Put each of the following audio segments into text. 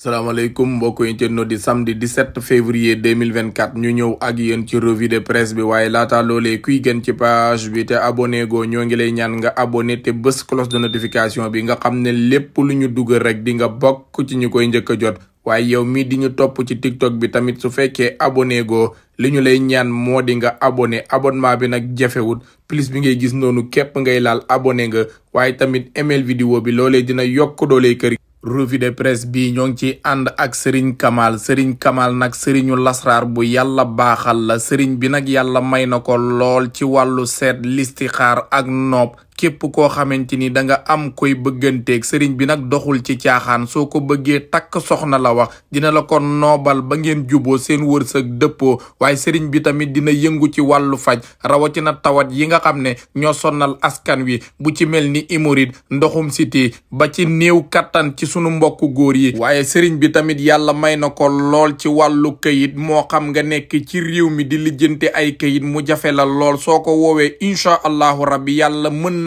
salaamaaleykum mbokk internet di samedi 17 février 2024 ñu ñëw ak yéen ci revue de presse bi waaye laata loolee kuy gën ci page bi te abonné go ñoo ngi lay ñaan nga abonné te bës cloche de notification bi nga xam ne lépp lu ñu dugal rek di nga bokk ci ñu koy njëkk a jot waaye yow mii di ñu topp ci tiktok bi tamit su fekkee abonné go li ñu lay ñaan moo di nga abonné abonnement bi nag jafewut plus bi ngay gis noonu képp ngay laal abonné nga waaye tamit email vidéo bi loolee dina yokk doole kër revue de presse bi ñoo ngi ci ànd ak Serigne Kamal Serigne Kamal nag Serigne lasraar bu yàlla baaxal la Serigne bi nag yàlla may na ko lool ci wàllu seet listixaar ak nopp képp koo xamante ni da nga am koy bëgganteeg sëriñ bi nag doxul ci caaxaan soo ko bëggee takk soxna la wax dina la ko noobal ba ngeen juboo seen wërsëg dëppoo waaye sëriñ bi tamit dina yëngu ci wàllu faj rawatina tawat yi nga xam ne ñoo sonnal askan wi bu ci mel ni imorid ndoxum siti ba ci néew kattan ci sunu mbokku góor yi waaye sëriñ bi tamit yàlla may na ko lool ci wàllu këyit moo xam nga nekk ci réew mi di lijjanti ay kayit mu jafelal lool soo ko woowee incha allahu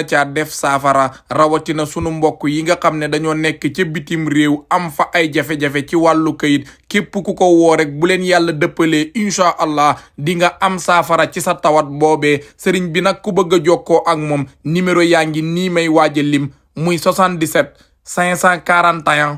na caa def saafara rawatina sunu mbokk yi nga xam ne dañoo nekk ca bitim réew am fa ay jafe-jafe ci wàllu kayit képp ku ko woo rek bu leen yàlla dëppalee incha allah di nga am saafara ci sa tawat boobee sëriñ bi nag ku bëgg a jokkoo ak moom numéro yaa ngi nii may waaj a lim muy 77 541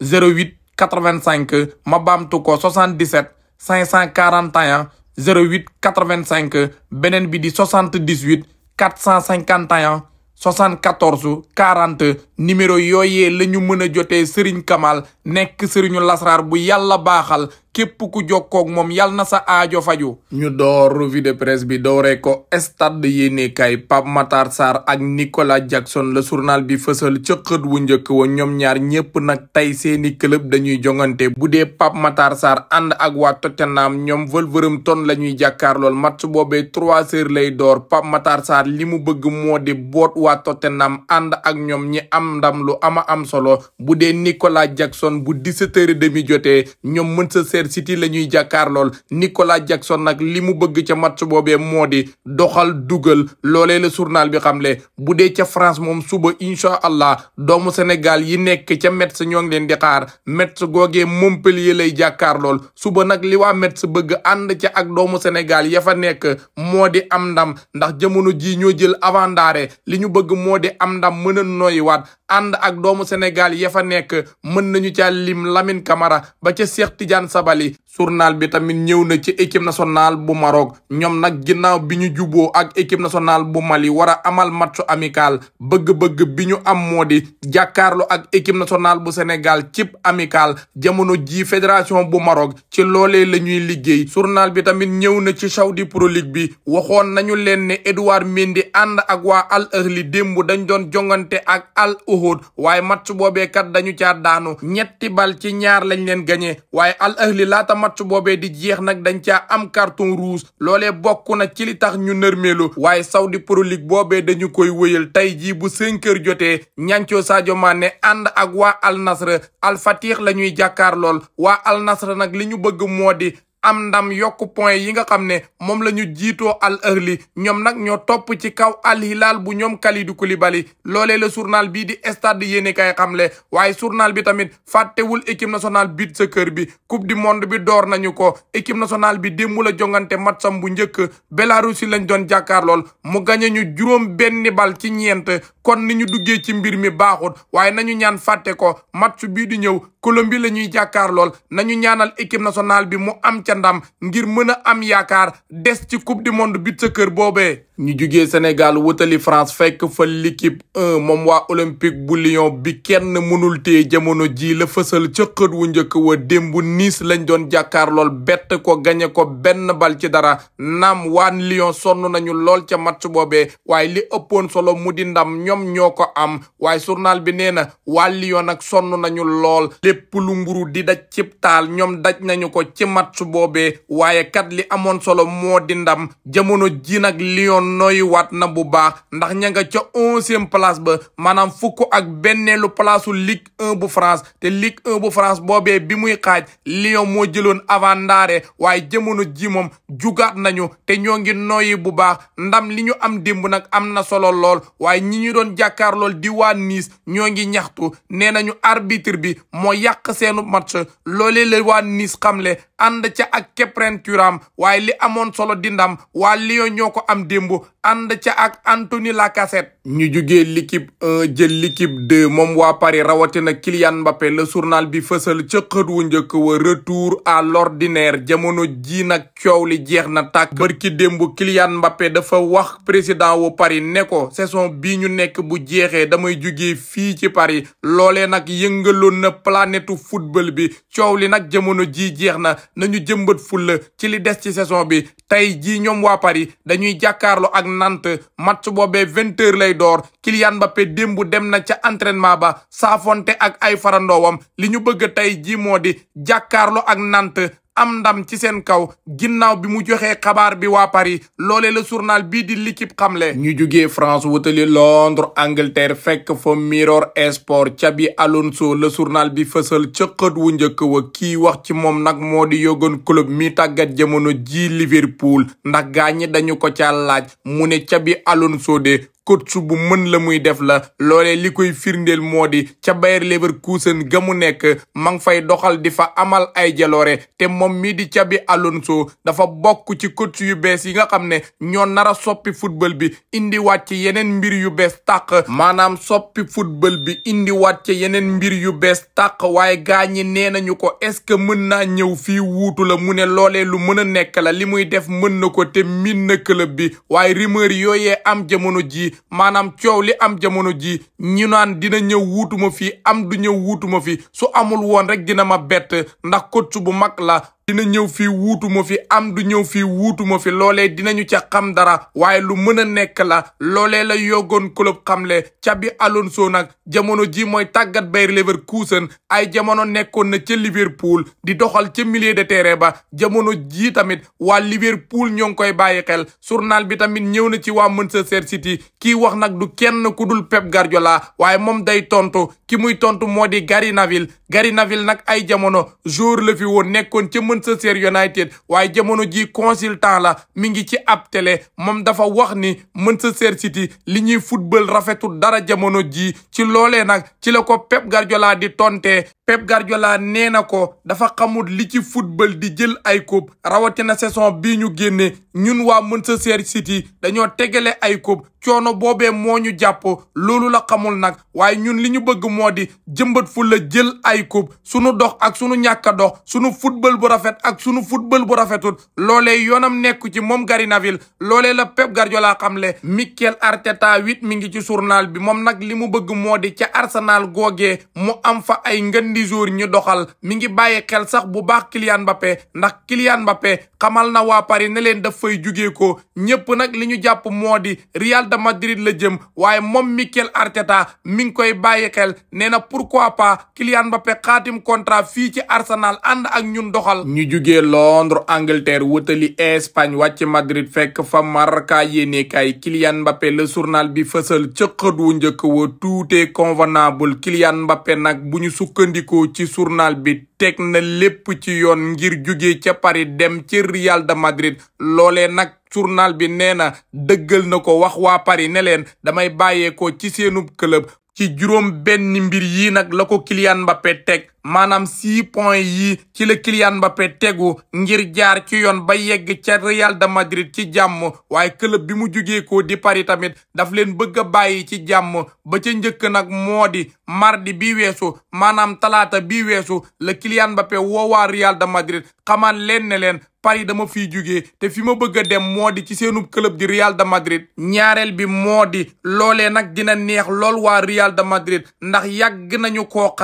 08 85 ma baamtu ko 77 541 08 85 beneen bi di 78. 451 74 40 numéro yooyee la ñu mën a jotee Serigne Kamal nekk Serigne Lasrar bu yàlla baaxal képp ku jokkoog moom yal na sa aajo faju ñu door revue de presse bi dooree ko stade yéenekaay Pape Matar Sarr ak Nicolas Jackson le journal bi fësal ca xët wu njëkk wa ñoom ñaar ñépp nag tey seeni club dañuy jongante bu dee Pape Matar Sarr ànd ak waa Tottenham ñoom Wolverhampton la ñuy jàkkaarlool match boobee trois heures lay door Pape Matar Sarr li mu bëgg moo di boot waa Tottenham ànd ak ñoom ñi am ndam lu ama am solo bu dee Nicolas Jackson bu dix-sept heures et demi jotee ñoom mën Manchester City la ñuy jàkkaarlool Nicolas Jackson nag li mu bëgg ca match boobe moo di doxal dugal loolee la surnal bi xam xamle bu dee ca France moom suba incha allah doomu Sénégal yi nekk ca Metz ñoo ngi leen di xaar googe googee Montpellier lay jàkkaarlool suba nag li waa Metz bëgg ànd ca ak doomu Sénégal ya fa nekk moo di am ndam ndax jamono jii ñoo jël avantage li ñu bëgg moo di am ndam mën a noyyiwaat ànd ak doomu Sénégal ya fa nekk mën nañu ca lim Lamine Camara ba ca Cheikh Tidiane Sabali journal bi tamit ñëw na ci équipe nationale bu Maroc ñoom nag ginnaaw bi ñu juboo ak équipe nationale bu Mali war a amal match amical bëgg-bëgg bi ñu am moo di jàkkaarloo ak équipe nationale bu Sénégal cib amical jamono ji fédération bu Maroc ci loolee la ñuy liggéey journal bi tamit ñëw na ci Saudi Pro League bi waxoon nañu leen ne Edouard Mendy ànd ak waa Al Ahli démb dañ doon jongante ak Al Uhud waaye match boobee kat dañu caa daanu ñetti bal ci ñaar lañ leen gagné Al Ahli laata match boobee di jeex nag dañ caa am carton rouge loole bokk na ci li tax ñu nërmeelu waaye Saudi Pro League boobee dañu koy wëyal tey jii bu cinq heures jotee ñancoo Sadio Mané ànd ak waa Al Nasr Al Fatih la ñuy jàkkaar lool waa Al nag li ñu bëgg moo di am ndam yokku point yi nga xam ne moom la ñu jiitoo Al Ahli ñoom nag ñoo topp ci kaw Al Hilal bu ñoom Kalidou Koulibaly loole la surnal bii di stade yéene xam le waaye surnal bi tamit fàttewul équipe nationale beach soccer bi coupe du monde bi door nañu ko équipe nationale bi démb la jongante matsam bu njëkk Bélarussie lañ doon jàkkaarlool mu gañe ñu juróom benn bal ci ñeent kon ni ñu duggee ci mbir mi baaxut waaye nañu ñaan fàtte ko match bii di ñëw Colombie la ñuy jàkkaarlool nañu ñaanal nationale bi mu am ca ndam ngir mën a am yaakaar des ci coupe du monde but sa kër boobee. ñu jugee Sénégal wutali France fek fa l'équipe 1 moom waa olympique bu Lyon bi kenn mënul tee jamono ji la fësal ca wu njëkk wa démb Nice lañ doon jàkkaar lool bett ko gañe ko benn bal ci dara nam waan Lyon sonn nañu lool ca match boobee waaye li ëppoon solo mu di ndam ñoom ñoo ko am waaye journal bi nee na waa Lyon nag sonn nañu lool lépp lu mburu di daj cib taal ñoom daj nañu ko ci match boobee boobee waaye kat li amoon solo moo di ndam jamono ji nag Lyon noy waat na bu baax ndax ña nga ca onzième place ba maanaam fukk ak benneelu placeu Ligue 1 bu France te Ligue 1 bu France boobee bi muy xaaj Lyon moo jëloon avant ndaare waaye jamono ji moom jugaat nañu te ñoo ngi noyyi bu baax ndam li ñu am démb nag am na solo lool waaye ñiñu ñu doon jàkkaar lool di waa Nice ñoo ngi ñaxtu nee nañu arbitre bi moo yàq seenu match loolee la waa Nice xamle ànd ca ak keprenturaam waaye li amoon solo di ndam waa Lyon ñoo ko am démb ànd ca ak la Lacazette ñu jugee l'équipe 1 jël l'équipe 2 moom waa Paris rawatina Kylian Mbappé la journal bi fësal ca wu njëkk wa retour à l'ordinaire jamono ji nag coow li jeex na tàkk bërki démb Kylian Mbappé dafa wax président wu Paris ne ko saison bii ñu nekk bu jeexee damay juge fii ci Paris loolee nag yëngaloon na planètu football bi coow li nag jamono ji jeex na nañu jëmbat fulla ci li des ci saison bi tey jii ñoom waa pari dañuy jàkkaarloo ak nant match boobee vingt heures lay ballon d'or Kylian Mbappé démb dem na ca entraînement ba saafonte ak ay farandoowam li ñu bëgg tey ji moo di jàkkaarloo ak Nantes am ndam ci seen kaw ginnaaw bi mu joxee xabaar bi waa Paris loole la journal bii di l'équipe xamle ñu jugee France wutali Londres Angleterre fekk fa Mirror Sport Xabi Alonso la journal bi fësal ca wu njëkk wa kii wax ci moom nag moo di Jürgen Klopp mi tàggat jamono ji Liverpool ndax gaañi dañu ko ca laaj mu ne Xabi Alonso de coach bu mën la muy def la loole li koy firndeel moo di ca Bayer Leverkusen ga mu nekk ma ngi fay doxal di fa amal ay jaloore te moom mii di Xabi Alonso dafa bokk ci coach yu bees yi nga xam ne ñoo nar a soppi football bi indi waat ci yeneen mbir yu bees tàq maanaam soppi football bi indi waat yeneen mbir yu bees tàq waaye gaañi ñi nee nañu ko est-ce que mën naa ñëw fii wuutu la mu ne loolee lu mën a nekk la li muy def mën na ko te min na club bi waaye rumeur yooyee am jamono ji maanaam coow li am jamono ji ñu naan dina ñëw wuutuma fi am du ñëw wuutuma fi su amul woon rek dina ma bett ndax coach bu mag la dina ñëw fii wuutu ma fi am du ñëw fii wuutu ma fi loolee dinañu ca xam dara waaye lu mën a nekk la loole la yogoon club xamle Xabi Alonso nag jamono ji mooy tàggat Bayer Leverkusen ay jamono nekkoon na ca Liverpool di doxal ca milieu de terrain ba jamono ji tamit waa Liverpool ñoo ngi koy bàyyi xel journal bi tamit ñëw na ci waa Manchester City kii wax nag du kenn ku dul Pep Guardiola waaye moom day tontu ki muy tontu moo di Gary Neville Gary Neville nag ay jamono joueur la fi woon nekkoon ci mën Manchester United waaye jamono ji consultant la mi ngi ci ab télé moom dafa wax ni mën Manchester City li ñuy football rafetul dara jamono ji ci loolee nag ci la ko Pep Guardiola di tonte Pep Guardiola nee na ko dafa xamul li ci football di jël ay coupe rawatina saison bii ñu génnee ñun waa mën Manchester City dañoo tegale ay coupe coono boobee moo ñu jàpp loolu la xamul nag waaye ñun li ñu bëgg moo di jëmbat fu jël ay coupe sunu dox ak sunu ñàkk dox sunu football bu rafet ak sunu football bu rafetul loolee yoonam nekku ci moom Gary Neville loolee la Pep Guardiola xamle Mikel Arteta wit mi ngi ci journal bi moom nag li mu bëgg moo di ca Arsenal googee mu am fa ay ngën indi jour ñu doxal mi ngi bàyyi xel sax bu baax Kylian Mbappé ndax Kylian Mbappé xamal na waa Paris ne leen daf fay jugee ko ñépp nag li ñu jàpp moo di Real de Madrid la jëm waaye moom Mikel Arteta mi ngi koy bàyyi xel nee na pourquoi pas Kylian Mbappé xaatim contrat fii ci Arsenal ànd ak ñun doxal ñu juge Londres Angleterre wutali Espagne wàcc Madrid fekk fa Marca yéene kay Kylian Mbappé le journal bi fësal ca xët wu njëkk wa tout convenable Kylian Mbappé nag bu ñu sukkandiku ko ci journal bi teg na lépp ci yoon ngir jóge ca pari dem ci Real de Madrid loolee nag journal bi nee na dëggal na ko wax waa Paris ne leen damay bàyyeekoo ci seenub club ci juróom benn mbir yi nag la ko Kylian Mbappé teg maanaam ci point yi ci la Kylian Mbappé tegu ngir jaar ci yoon ba yegg ca Real de Madrid ci jàmm waaye club bi mu jugee ko di Paris tamit daf leen bëgg a bàyyi ci jàmm ba ci njëkk nag moo di mardi bi weesu maanaam talaata bi weesu la Kylian Mbappé woowaa Real de Madrid xamal leen ne leen Paris dama fiy jugee te fi ma bëgg dem moo di ci seenu club di Real de Madrid ñaareel bi moo di loolee nag dina neex lool waa Real de Madrid ndax yàgg nañu koo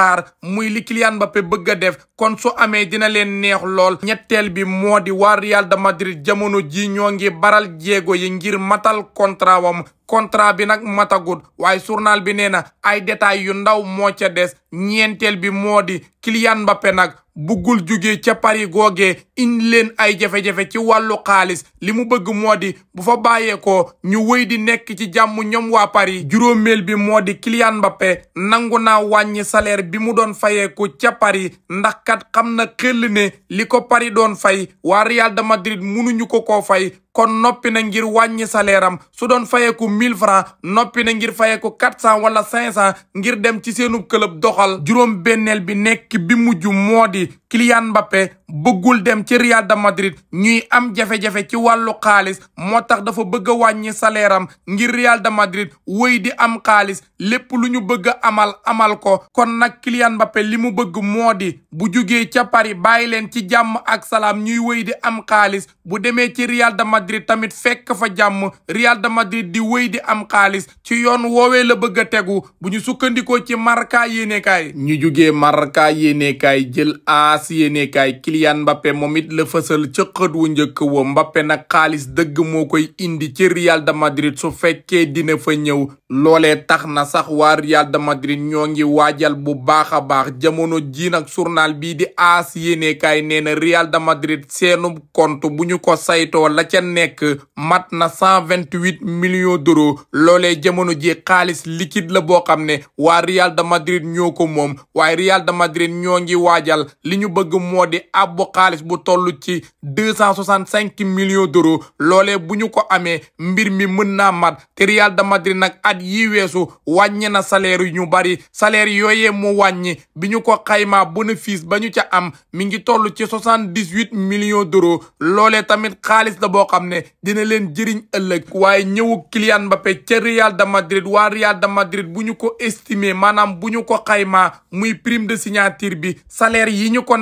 muy li Kylian Kylian Mbappé bëgg a def kon su amee dina leen neex lool ñetteel bi moo di waa Real de Madrid jamono ji ñoo ngi baral jéego yi ngir matal contrat wam contrat bi nag matagut waaye journal bi nee na ay détails yu ndaw moo ca des ñeenteel bi moo di Kylian Mbappé nag buggul jóge ca Paris googee indi leen ay jafe-jafe ci wàllu xaalis li mu bëgg moo di bu fa bàyyeekoo ñu wéy di nekk ci jàmm ñoom waa Paris juróomeel bi moo di Kylian Mbappé nangu naa wàññi salaire bi mu doon fayeeku ca Paris ndax kat xam na xel ne li ko Paris doon fay waa Real de Madrid mënuñu ko koo fay kon noppi na ngir wàññi salaire am su doon fayeeku 1000 francs noppi na ngir fayeeku 400 wala 500 ngir dem ci seenu club doxal juróom benneel bi nekk bi mujj moo di Kylian Mbappé bëggul dem ci Real de Madrid ñuy am jafe-jafe ci wàllu xaalis moo tax dafa bëgg a wàññi salaire ngir Real de Madrid wéy di am xaalis lépp lu ñu bëgg amal amal ko kon nag Kylian Mbappé li mu bëgg moo di bu jugee ca Paris bàyyi leen ci jàmm ak salaam ñuy wéy di am xaalis bu demee ci Real de Madrid tamit fekk fa jàmm Real de Madrid di wéy di am xaalis ci yoon woowee la bëgg a tegu bu ñu sukkandikoo ci Marca yéenekaay ñu jugee Marca yéenekaay jël as laas yéenekaay Kylian Mbappé moom it la fësal ca xët wu njëkk wa Mbappé nag xaalis dëgg moo koy indi ci Real de Madrid su fekkee dina fa ñëw loole tax na sax waa Real de Madrid ñoo ngi waajal bu baax a baax jamono ji nag journal bii di AS yéenekaay nee na Real de Madrid seenu kont bu ñu ko saytoo la ca nekk mat na cent vingt huit million d'euros loole jamono ji xaalis liquide la boo xam ne waa Real de Madrid ñoo ko moom Real de Madrid ñoo waajal li bëgg moo di abbu xaalis bu toll ci deux cent soixante cinq millions d'euros loolee bu ñu ko amee mbir mi mën naa mat te Real de Madrid nag at yi weesu wàññi na salaire yu ñu bari salaire yooyee mu wàññi bi ñu ko xaymaa bénéfice ba ñu ca am mi ngi toll ci soixante dix huit million d'euros loolee tamit xaalis la boo xam ne dina leen jëriñ ëllëg waaye ñëwu Kylian Mbappé ca Real de Madrid waa Real de Madrid bu ñu ko estimer maanaam bu ñu ko xayma muy prime de signature bi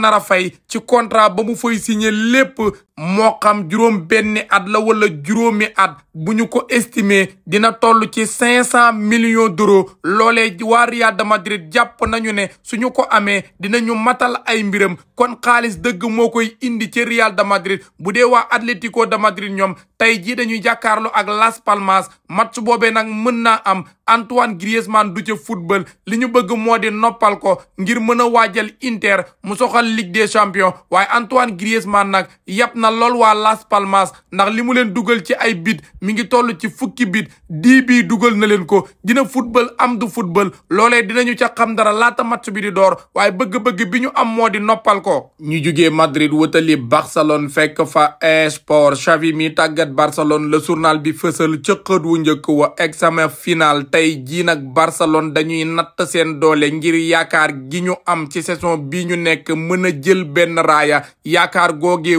nar a fay ci contrat ba mu fay signé lépp moo xam juróom benni at la walla juróomi at bu ñu ko estime dina toll ci cinq cent millions d'euros loole waa Real de Madrid jàpp nañu ne ñu ko amee dinañu matal ay mbiram kon xaalis dëgg moo koy indi ci Real de Madrid bu dee waa Atlético de Madrid ñoom tey jii dañuy jàkkaarloo ak Las Palmas match boobee nag mën naa am Antoine Griezmann du ca football li ñu bëgg moo di noppal ko ngir mën a waajal Inter mu soxal Ligue des Champions waaye Antoine Griezmann nag yàpp na lool waa Las Palmas ndax li mu leen dugal ci ay bit mi ngi toll ci fukki bit dii bii dugal na leen ko dina football am du football loolee dinañu ca xam dara laata match bi di door waaye bëgg-bëgg bi ñu am moo di noppal ko. ñu jugee Madrid wutali Barcelone fekk fa esport Xavi mi tàggat Barcelone le journal bi fësal ca wu njëkk wa examen final tey jii nag Barcelone dañuy natt seen doole ngir yaakaar gi ñu am ci saison bi ñu nekk mën a jël benn raaya yaakaar googee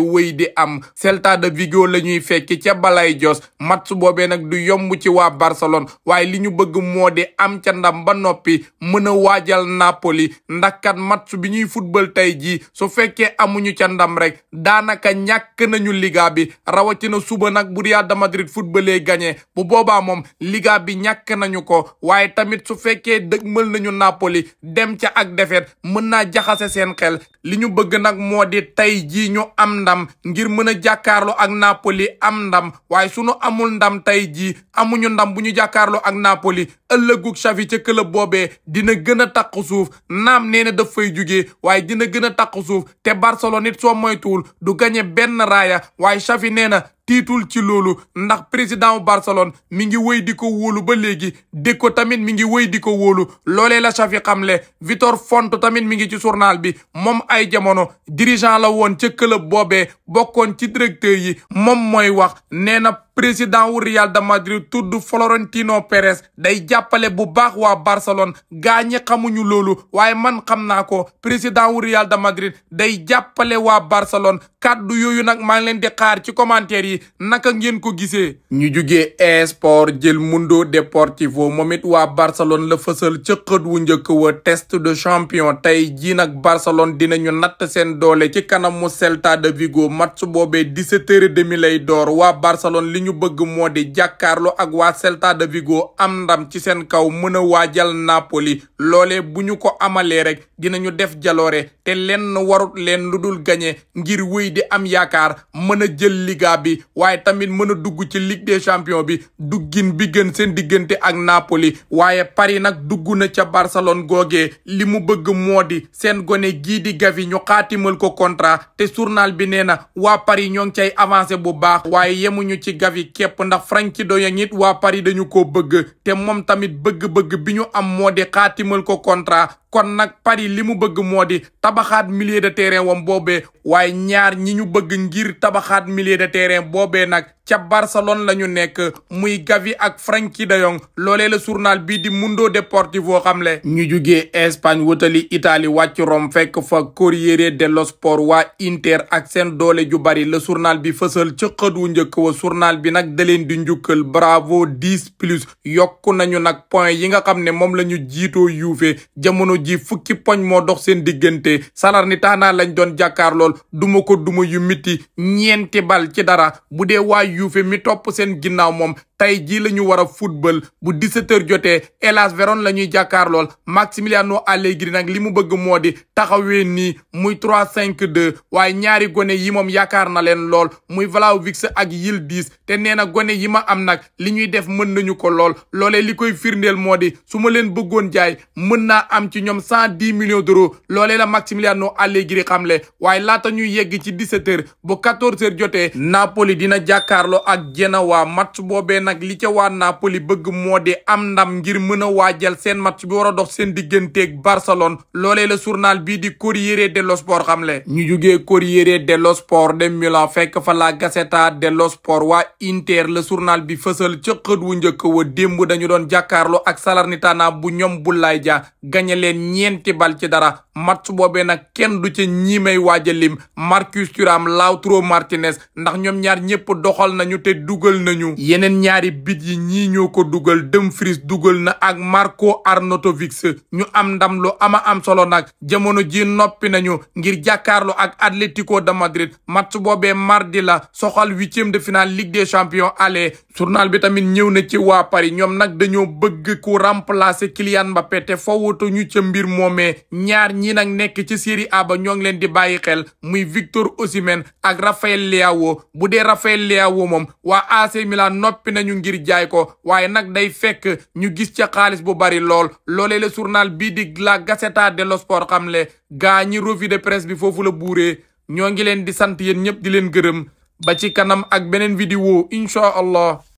am Celta de Vigo la ñuy fekki ca Balayos match boobee nag du yomb ci waa Barcelone waaye li ñu bëgg moo di am ca ndam ba noppi mën a waajal Napoli ndax kat match bi ñuy football tey jii su fekkee amuñu ca ndam rek daanaka ñàkk nañu liga bi rawatina suba nag bu Real de Madrid footballee gagné bu boobaa moom liga bi ñàkk nañu ko waaye tamit su fekkee dëgmal nañu Napoli dem ca ak defet mën naa jaxase seen xel li ñu bëgg nag moo di tey ñu am ndam ngir ngir mën a jàkkaarloo ak Napoli am ndam waaye sunu amul ndam tey jii amuñu ndam bu ñu jàkkaarloo ak Napoli ëllëgu Xavi ca club boobee dina gën a takku suuf naam nee na daf fay jugee waaye dina gën a takku suuf te Barcelone it soo moytuwul du gagné benn raaya waaye Xavi nee na tiitul ci loolu ndax président wu Barcelone mi ngi wéy di ko wóolu ba léegi Deco tamit mi ngi wéy di ko wóolu loolee la Xavi le Vitor Font tamit mi ngi ci journal bi moom ay jamono dirigeant la woon ca club boobee bokkoon ci directeur yi moom mooy wax nee na président wu Real de Madrid tudd Florentino Perez day jàppale bu baax waa Barcelone gaa ñi xamuñu loolu waaye man xam naa ko président wu Real de Madrid day jàppale waa Barcelone kàddu yooyu nag maa ngi leen di ci commentaire yi naka ngeen ko gisee. ñu jugee esport jël Mundo Deportivo moom it waa Barcelone la fësal ca wu njëkk wa test de champion tey jii nag Barcelone dinañu natt seen doole ci mu Celta de Vigo match boobee 17h30 lay door waa Barcelone ñu bëgg moo di jàkkaarloo ak waa Celta de Vigo am ndam ci seen kaw mën a waajal Napoli loolee bu ñu ko amalee rek dinañu def jaloore te lenn waru leen lu dul gañe ngir wuy di am yaakaar mën a jël liga bi waaye tamit mën a dugg ci ligue des champions bi duggin bi gën seen diggante ak Napoli waaye Paris nag dugg na ca Barcelone googee li mu bëgg moo di seen gone gii di Gavi ñu xaatimal ko contrat te surnal bi nee na waa Paris ñoo ngi cay avancé bu baax waaye yemuñu ci Gavi képp ndax Frenkie de Jong it waa Paris dañu ko bëgg te moom tamit bëgg-bëgg bi ñu am moo di ko contrat kon nag Paris li bëgg moo di tabaxaat milliers de terrain wam boobe waaye ñaar ñi ñu bëgg ngir tabaxaat milliers de terrain boobee nag ca Barcelone la ñu nekk muy Gavi ak Frenkie de Jong loole la journal bii di Mundo Deportivo xamle ñu jugee Espagne wutali Italie wàcc Rome fekk fa Corriere dello Sport waa Inter ak seen doole ju bari la journal bi fësal ca xët wu njëkk wa bi nag da leen di njukkal bravo dix plus yokku nañu nag point yi nga xam ne moom la ñu jiitoo Juve jamono ji fukki poñ moo dox seen diggante Salernitana lañ doon jàkkaar lool duma ko duma yu miti ñeenti bal ci dara bu dee Yuufe mi topp seen ginnaaw moom tey jii la ñu war a football bu 17h jotee Hellas Vérone la ñuy jàkkaarlool Maximiliano Allegri nag li mu bëgg moo di taxawee nii muy 3-5-2 waaye ñaari gone yi moom yaakaar na leen lool muy Vlahovic ak Yildiz te nee na gone yi ma am nag li ñuy def mën nañu ko lool loolee li koy firndeel moo di su ma leen bëggoon jaay mën naa am ci ñoom cent dix millions d'euros loolee la Maximiliano xam xamle waaye laata ñuy yegg ci 17h bu 14h jotee Napoli dina jàkkaarloo ak Genoa match boobee nag li ca waa Napoli bëgg moo di am ndam ngir mën a waajal seen match bi war a dox seen digganteeg Barcelone loolee la journal bii di Corriere dello Sport le ñu jugee Corriere dello Sport de Milan fekk fa la Gazzetta dello Sport wa Inter la surnal bi fësal ca wu njëkk wa démb dañu doon jàkkaarloo ak Salernitana bu ñoom Boulaye Dia gañe leen ñeenti bal ci dara match boobee nag kenn du ci ñi may waaja lim Marcus Thuram Lautaro Martinez ndax ñoom ñaar ñëpp doxal nañu te ñaari bit yi ko dugal Dumfries dugal na ak Marco Arnautovic ñu am ndam lu ama am solo nag jamono ji noppi nañu ngir jàkkaarloo ak Atlético de Madrid match boobee mardi la soxal huitième de finale Ligue des champions aller journal bi tamit ñëw na ci waa Paris ñoom nag dañoo bëgg ku remplacer Kylian Mbappé te ca mbir moomee ñaar ñi nag nekk ci Serie A ba ñoo ngi leen di bàyyi xel muy Victor Osimhen ak Raphaël Leao bu dee Raphaël Leao moom waa AC nañu ngir jaay ko waaye nag day fekk ñu gis ca xaalis bu bari lool loolee le journal bii di la Gazzetta dello Sport xam le gaa ñi revue de presse bi foofu la buuree ñoo ngi leen di sant yéen ñëpp di leen gërëm ba ci kanam ak beneen vidéo incha allah